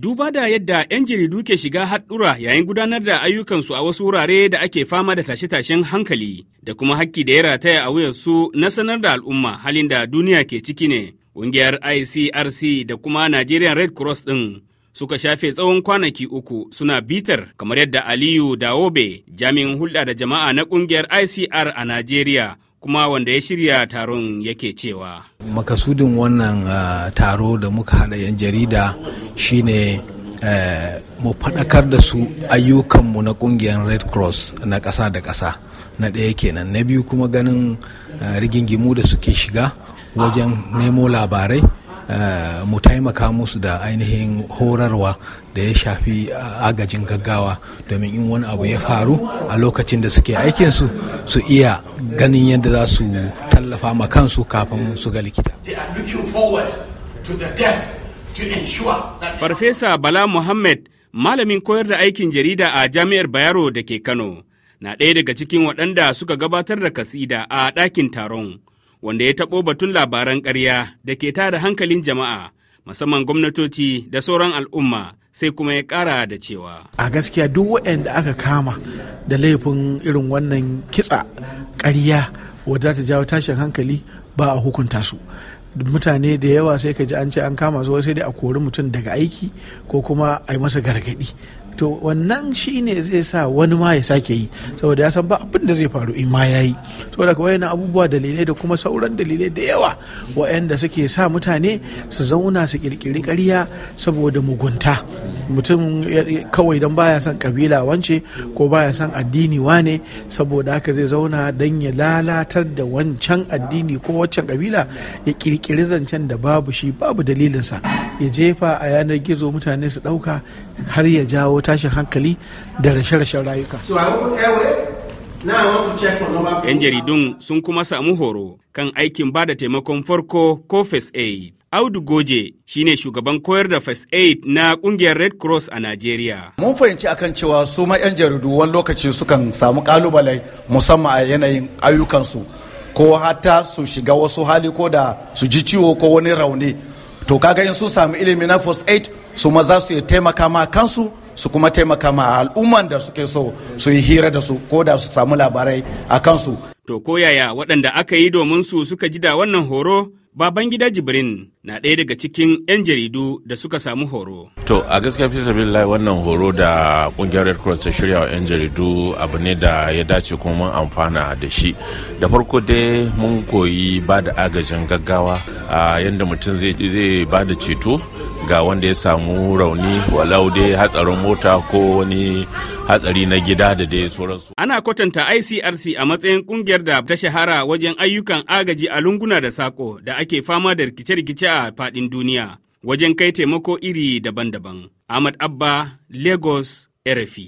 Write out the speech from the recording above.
Duba da yadda 'yan jaridu ke shiga haɗura yayin gudanar da ayyukansu a wasu wurare da ake fama da tashe-tashen hankali da kuma hakki da ya rataya a wuyarsu na sanar da al'umma halin da duniya ke ciki ne. Ƙungiyar ICRC da kuma Nigerian Red Cross ɗin suka shafe tsawon kwanaki uku suna bitar kamar yadda Aliyu Dawobe jami'in hulɗa da jama'a na ƙungiyar ICR a Najeriya kuma wanda ya shirya taron yake cewa makasudin wannan uh, taro da muka hada 'yan jarida shine Uh, mu faɗakar da su ayyukanmu na ƙungiyar red cross na ƙasa da ƙasa na ɗaya kenan na biyu kuma ganin uh, rigingimu da suke shiga wajen nemo labarai Eh, mu taimaka musu da ainihin horarwa da ya shafi ah, agajin gaggawa domin in wani abu ya faru a lokacin da suke aikinsu su iya ganin yadda za su tallafa ma kansu kafin su ga likita. Farfesa Bala Muhammad malamin koyar da aikin jarida a jami'ar Bayero da ke Kano na ɗaya daga cikin waɗanda suka gabatar da kasida a ɗakin taron. wanda ya taɓo batun labaran ƙarya da ke tada hankalin jama'a musamman gwamnatoci da sauran al'umma sai kuma ya ƙara da cewa a gaskiya duk waɗanda aka kama da laifin irin wannan kitsa ƙarya wadda ta jawo tashin hankali ba a hukunta su mutane da yawa sai ka ji an ce an kama su sai dai a kori mutum daga aiki ko kuma a yi masa gargaɗi to wannan shi ne zai sa wani ma ya sake yi saboda ya san ba abin da zai faru in ma ya yi saboda daga yana abubuwa dalilai da kuma sauran dalilai da yawa waɗanda suke sa mutane su zauna su kirkiri ƙarya saboda mugunta mutum kawai don baya son kabila wance ko baya son addini wane saboda haka zai zauna don ya lalatar da wancan addini ko waccan kabila ya kirkiri zancen da babu shi babu dalilinsa ya jefa a yanar gizo mutane su ɗauka har ya jawo tashin hankali da rashe-rashen rayuka. 'Yan jaridun sun kuma samu horo kan aikin ba da taimakon farko ko first aid. Audu Goje shine shugaban koyar da first aid na kungiyar Red Cross a Najeriya. Mun fahimci akan cewa su ma 'yan jaridu wani lokaci sukan samu kalubale musamman a yanayin ayyukansu ko hata su shiga wasu hali ko da su ji ciwo ko wani rauni. To kaga in sun samu ilimi na first aid su ma za su iya taimaka ma kansu su kuma taimaka ma al'umman da suke so su yi hira da su ko da su samu labarai a kansu. To koyaya waɗanda aka yi domin su suka ji da wannan horo babangida Jibrin na ɗaya daga cikin 'yan jaridu da suka samu horo. To a gaskiya fi sabilillahi wannan horo da ƙungiyar Red Cross ta shirya wa 'yan jaridu abu ne da ya dace kuma mun amfana da shi. Da farko dai mun koyi ba da agajin gaggawa a yadda mutum zai ba da ceto ga wanda ya samu rauni walau dai hatsarin mota ko wani hatsari na gida da dai sauransu. Ana kwatanta ICRC a matsayin ƙungiyar da ta shahara wajen ayyukan agaji a lunguna da sako da ake fama da rikice-rikice a faɗin duniya wajen kai taimako iri daban-daban. Ahmad Abba, Lagos, RFI.